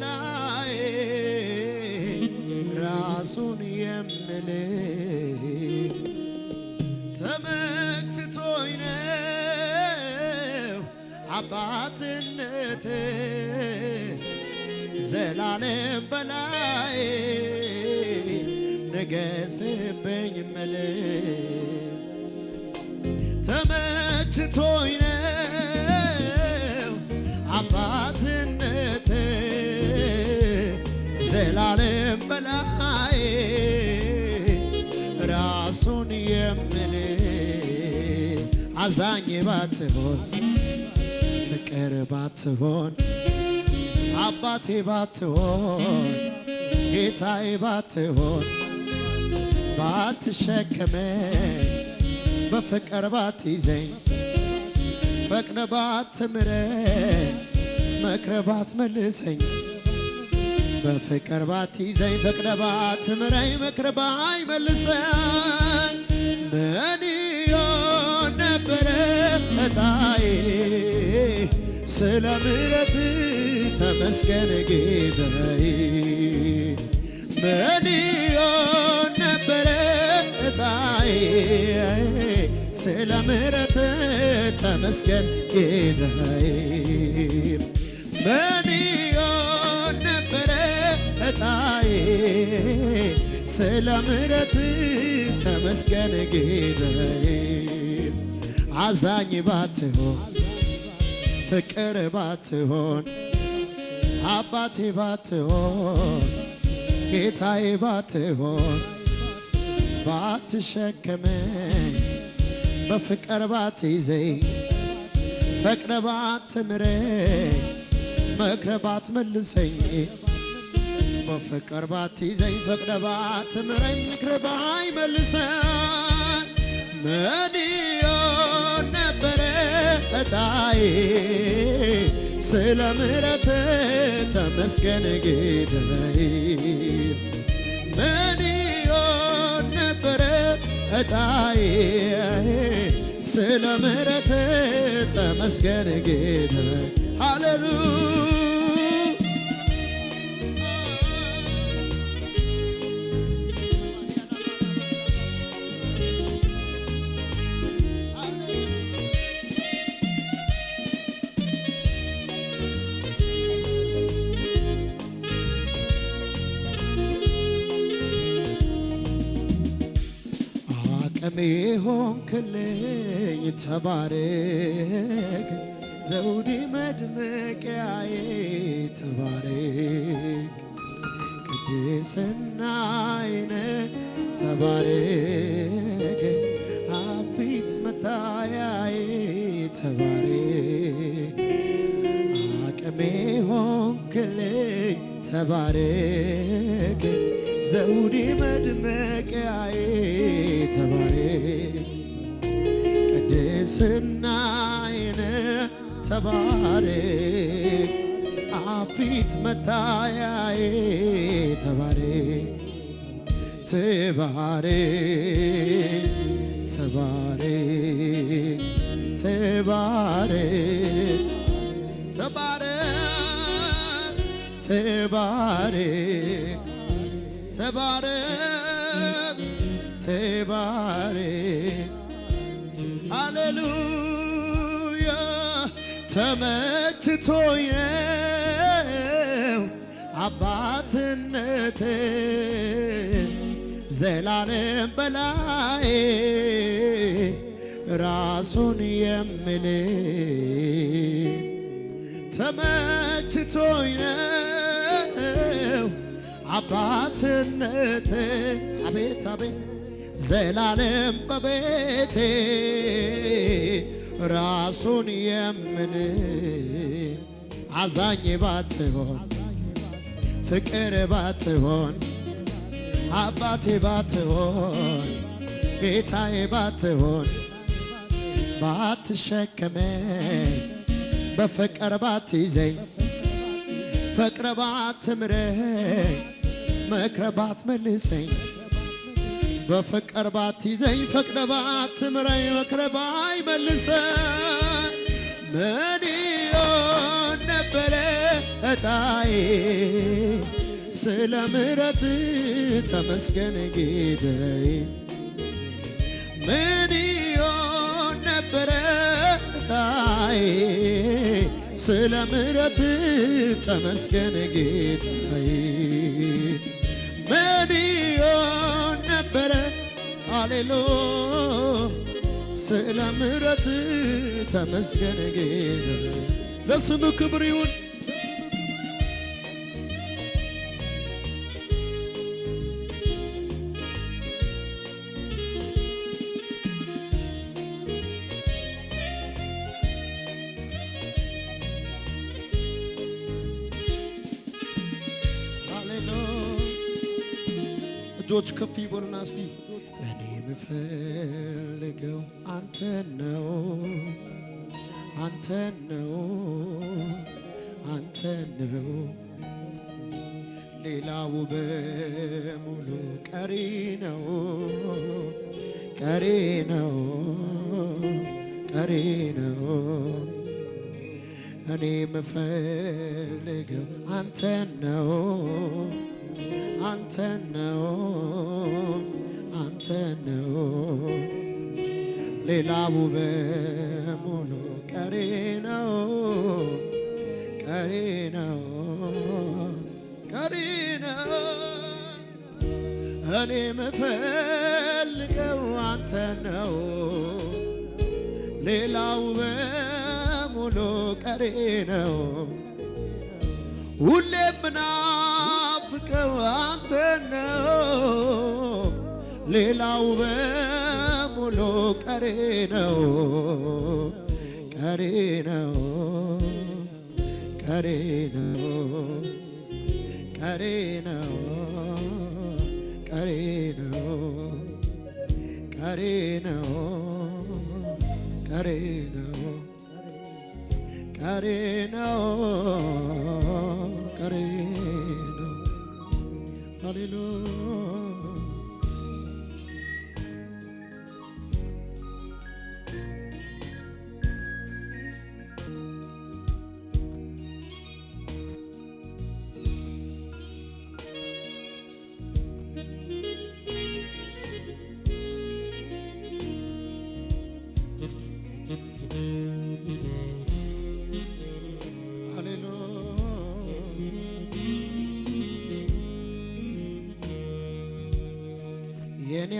ከላይ ራሱን የምል ተመችቶኝ ነው አባትነት ዘላለም በላይ ምል ተመችቶኝ ከዓለም በላይ ራሱን የምል አዛኝ ባትሆን ፍቅር ባትሆን አባቴ ባትሆን ጌታዬ ባትሆን ባትሸከመኝ በፍቅር ባትይዘኝ ፈቅነ ባትምረኝ መክረ ባትመልሰኝ በፍቅር ባትይዘኝ ፈቅደ ባትምረኝ ምክር ባይመልሰኝ ምን ነበረ እጣዬ? ስለ ምሕረት ተመስገን ጌታዬ። ምን ነበረ እጣዬ? ስለ ምሕረት ተመስገን ጌታዬ። ምን ጌታዬ ስለ ምሕረት ተመስገን ጌታዬ አዛኝ ባትሆን ፍቅር ባትሆን አባቴ ባትሆን ጌታዬ ባትሆን ባትሸከመኝ በፍቅር ባትይዘኝ ፈቅረ ባትምረኝ መክረ ባትመልሰኝ በፍቅር ባትይዘኝ ፈቅደ ባትምረኝ ክርባይ መልሰን መድዮ ነበረ እጣዬ ስለ ምረት ተመስገን ጌታዬ መድዮ ነበረ እጣዬ ስለ ምረት ተመስገን ጌታዬ ሃሌሉያ ፍጻሜ ሆንክልኝ ተባረክ ዘውዴ መድመቂያዬ ተባረክ ቅድስናዬ ተባረክ አፊት መታያዬ ተባረክ አቅሜ ሆንክልኝ ተባረክ ዘውዴ መድመቂያዬ ተባሬ ቅድስናዬን ተባሬ አቤት መታያዬ ተባሬ ተባሬ ተባሬ ተባሬ ተባሬ ተባሬ ተባረክ ተባረክ ሃሌሉያ ተመችቶኝ ነው አባትነት ዘላለም በላይ ራሱን የምል ተመችቶኝ አባትነት አቤት አቤት ዘላለም በቤቴ ራሱን የምን አዛኝ ባትሆን ፍቅር ባትሆን አባቴ ባትሆን ጌታዬ ባትሆን ባትሸከመኝ በፍቅር ባትይዘኝ ፍቅር ባትምረኝ መክረህ ባትመልሰኝ በፍቅር ባትይዘኝ ፈቅደህ ባትምረኝ መክረህ ባይመልሰኝ ምን ይሆን ነበረ እጣዬ ስለ ምሕረት ተመስገን ጌታዬ ምን ይሆን ነበረ እጣዬ ስለ ምሕረት ተመስገን ጌታዬ ቢሆን ነበረ አሌሎ ስለ ምሕረት ተመስገን ክብር ይሁን። እጆች ከፍ ይበሉና እስቲ እኔ የምፈልገው አንተን ነው አንተን ነው አንተን ነው ሌላው በሙሉ ቀሪ ነው ቀሪ ነው ቀሪ ነው እኔ የምፈልገው አንተ ነው አንተ ነው አንተ ነው ሌላው በሙሉ ቀሪ ነው ቀሪ ነው ቀሪ ነው እኔ የምፈልገው አንተ ነው ሌላው በሙሉ ቀሪ ነው ሁሌ ምና ማውቀው አንተ ነው፣ ሌላው በሙሉ ቀሪ ነው፣ ቀሪ ነው፣ ቀሪ ነው፣ ቀሪ ነው፣ ቀሪ ነው፣ ቀሪ ነው፣ ቀሪ ነው፣ ቀሪ ነው፣ ቀሪ Hallelujah.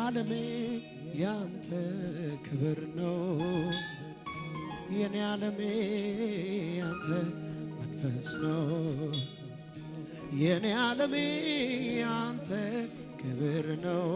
ዓለሜ ያንተ ክብር ነው። የኔ ዓለሜ ያንተ መንፈስ ነው። የኔ ዓለሜ ያንተ ክብር ነው።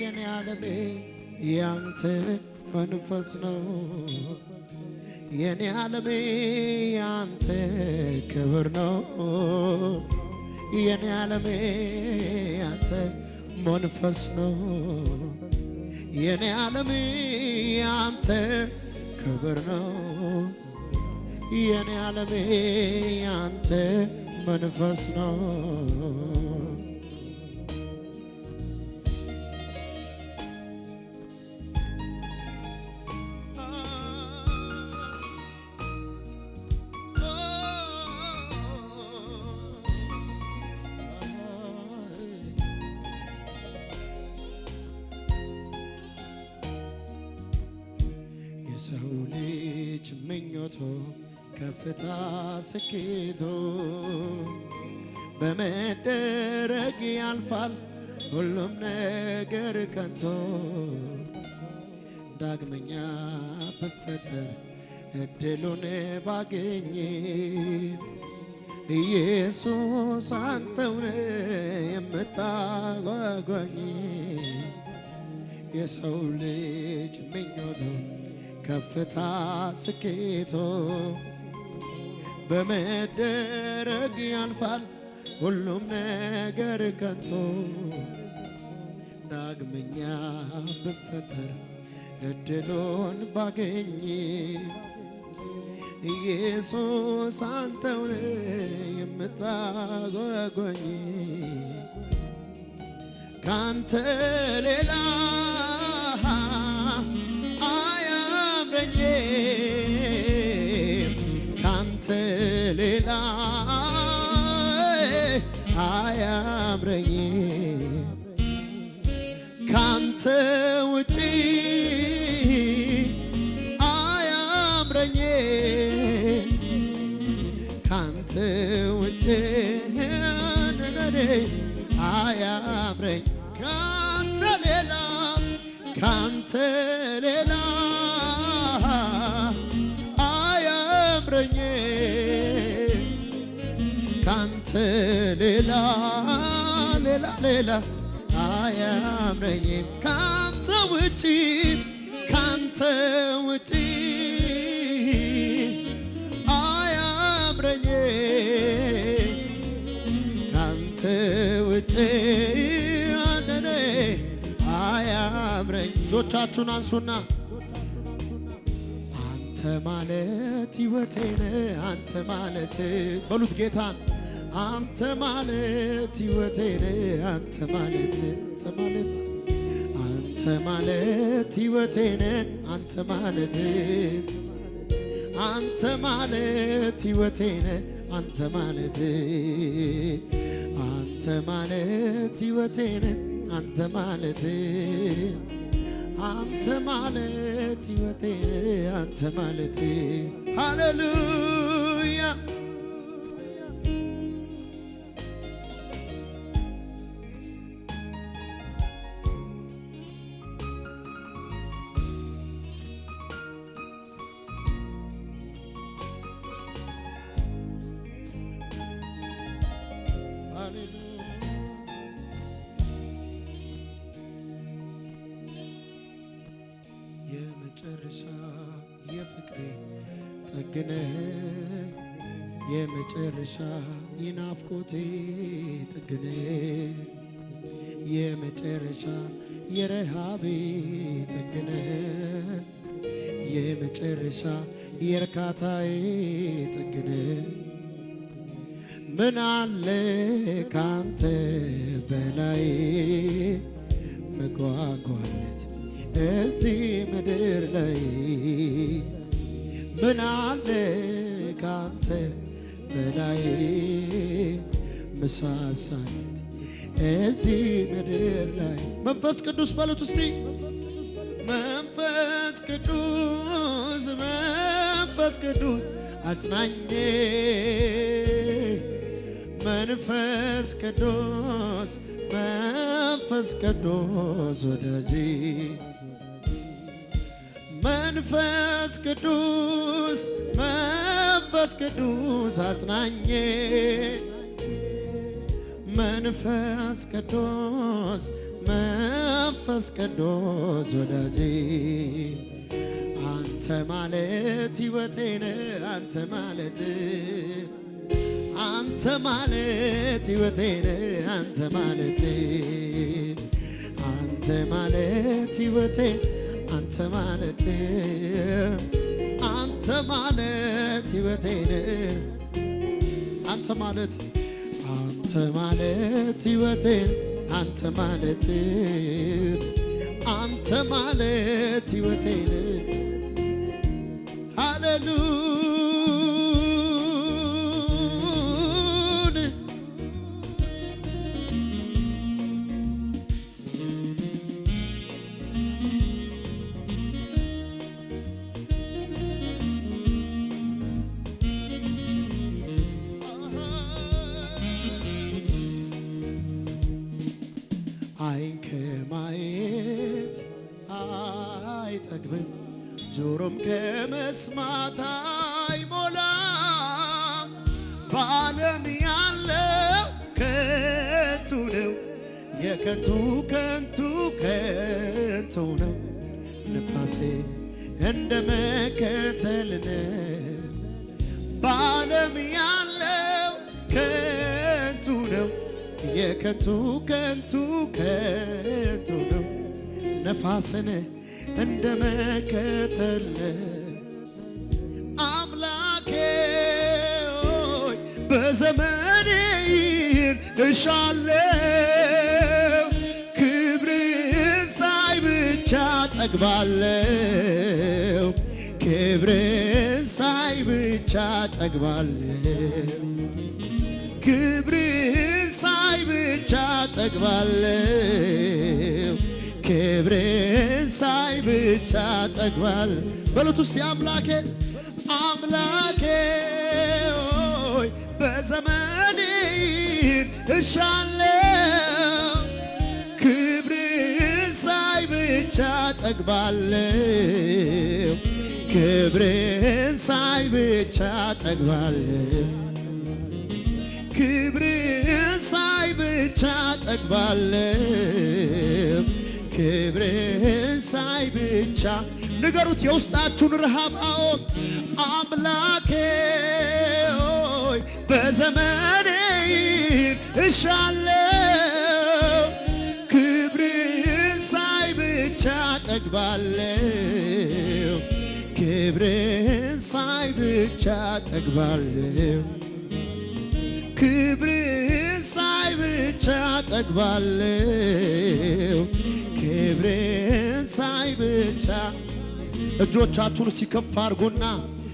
የኔ ዓለሜ ያንተ መንፈስ ነው። የኔ ዓለሜ ያንተ ክብር ነው። የኔ ዓለሜ ያንተ መንፈስ ነው የኔ ዓለም ያንተ ክብር ነው የኔ ዓለም ያንተ መንፈስ ነው ምኞቱ ከፍታ ስኬቱ በመደረግ ያልፋል ሁሉም ነገር ከንቶ ዳግመኛ ብፈጠር እድሉን ባገኝ ኢየሱስ አንተውነ የምታጓጓኝ የሰው ልጅ ምኞቱ ከፍታ ስኬቶ በመደረግ ያልፋል ሁሉም ነገር ከንቶ ዳግመኛ ብፈጠር እድሎን ባገኝ ኢየሱስ አንተውን የምታጓጓኝ ካንተ ሌላ ሌላ አያምረኝ ካንተ ውጪ አያምረኝ ካንተ ውጪ አያምረኝ ካንተ ሌላ ካንተ ሌላ አያምረኝ ሌላ ሌላ ሌላ አያምረኝም ካንተ ውጪ ካንተ ውጪ አያምረኝም ካንተ ውጪ አንኔ አያምረኝ እጆቻችሁን አንሱና አንተ ማለት ህይወቴ አንተ ማለት በሉት ጌታን አንተ ማለት ህይወቴ ነህ አንተ ማለት አንተ ማለት አንተ ማለት ህይወቴ ነህ አንተ ማለት አንተ ማለት ህይወቴ ነህ አንተ ማለት አንተ ማለት ህይወቴ ነህ አንተ ማለት አንተ ማለት ህይወቴ አንተ ማለት ሃሌሉያ ጠግነ የመጨረሻ የናፍቆቴ ጥግነ የመጨረሻ የረሃቤ ጥግነ የመጨረሻ የእርካታዬ ጥግነ ምን አለ ካንተ በላይ መጓጓለት እዚህ ምድር ላይ ምናለ ካንተ በላይ ምሳሳይት እዚህ ምድር ላይ መንፈስ ቅዱስ በሉት ውስጥ መንፈስ ቅዱስ መንፈስ ቅዱስ አጽናኜ መንፈስ ቅዱስ መንፈስ ቅዱስ ወደዚህ መንፈስ ቅዱስ መንፈስ ቅዱስ አጽናኜ መንፈስ ቅዱስ መንፈስ ቅዱስ ወዳጅ አንተ ማለት ሕይወቴን አንተ ማለት አንተ ማለት ሕይወቴን አንተ ማለት አንተ ማለት ሕይወቴን አንተ ማለት አንተ ማለት ህይወቴን አንተ ማለት አንተ ማለት ህይወቴን አንተ ማለት አንተ ማለት ህይወቴን ሃሌሉያ አይን ከማየት አይጠግብም፣ ጆሮም ከመስማት አይሞላም። በዓለም ያለው ከንቱ ነው፣ የከንቱ ከንቱ ከንቱ ነው። ንፋሴ እንደ መከተል ነው በዓለም ያለ የከንቱ ከንቱ ከንቱ ነው ነፋስን እንደ መከተል አምላኬ ሆይ በዘመኔ ይህን እሻለው ክብርን ሳይ ብቻ ጠግባለው ክብርን ሳይ ብቻ ጠግባለው ክብርን ሰማይ ብቻ ጠግባለሁ ክብርን ሳይ ብቻ ጠግባል በሉት ውስጥ አምላኬ አምላኬ ሆይ በዘመኔ እሻለው ክብርን ሳይ ብቻ ጠግባለሁ ክብርን ሳይ ብቻ ጠግባለሁ ሳይ ብቻ ጠግባለ ክብርህን ሳይ ብቻ ንገሩት የውስጣችሁን ረሃብ አዎ አምላኬ ሆይ በዘመኔ እሻለሁ ክብርህን ሳይ ብቻ ጠግባለሁ ክብርህን ሳይ ብቻ ጠግባለሁ ክብርህን ላይ ብቻ ጠግባለው ክብሬን ሳይ ብቻ እጆቻችሁን ሲከፍ አድርጉና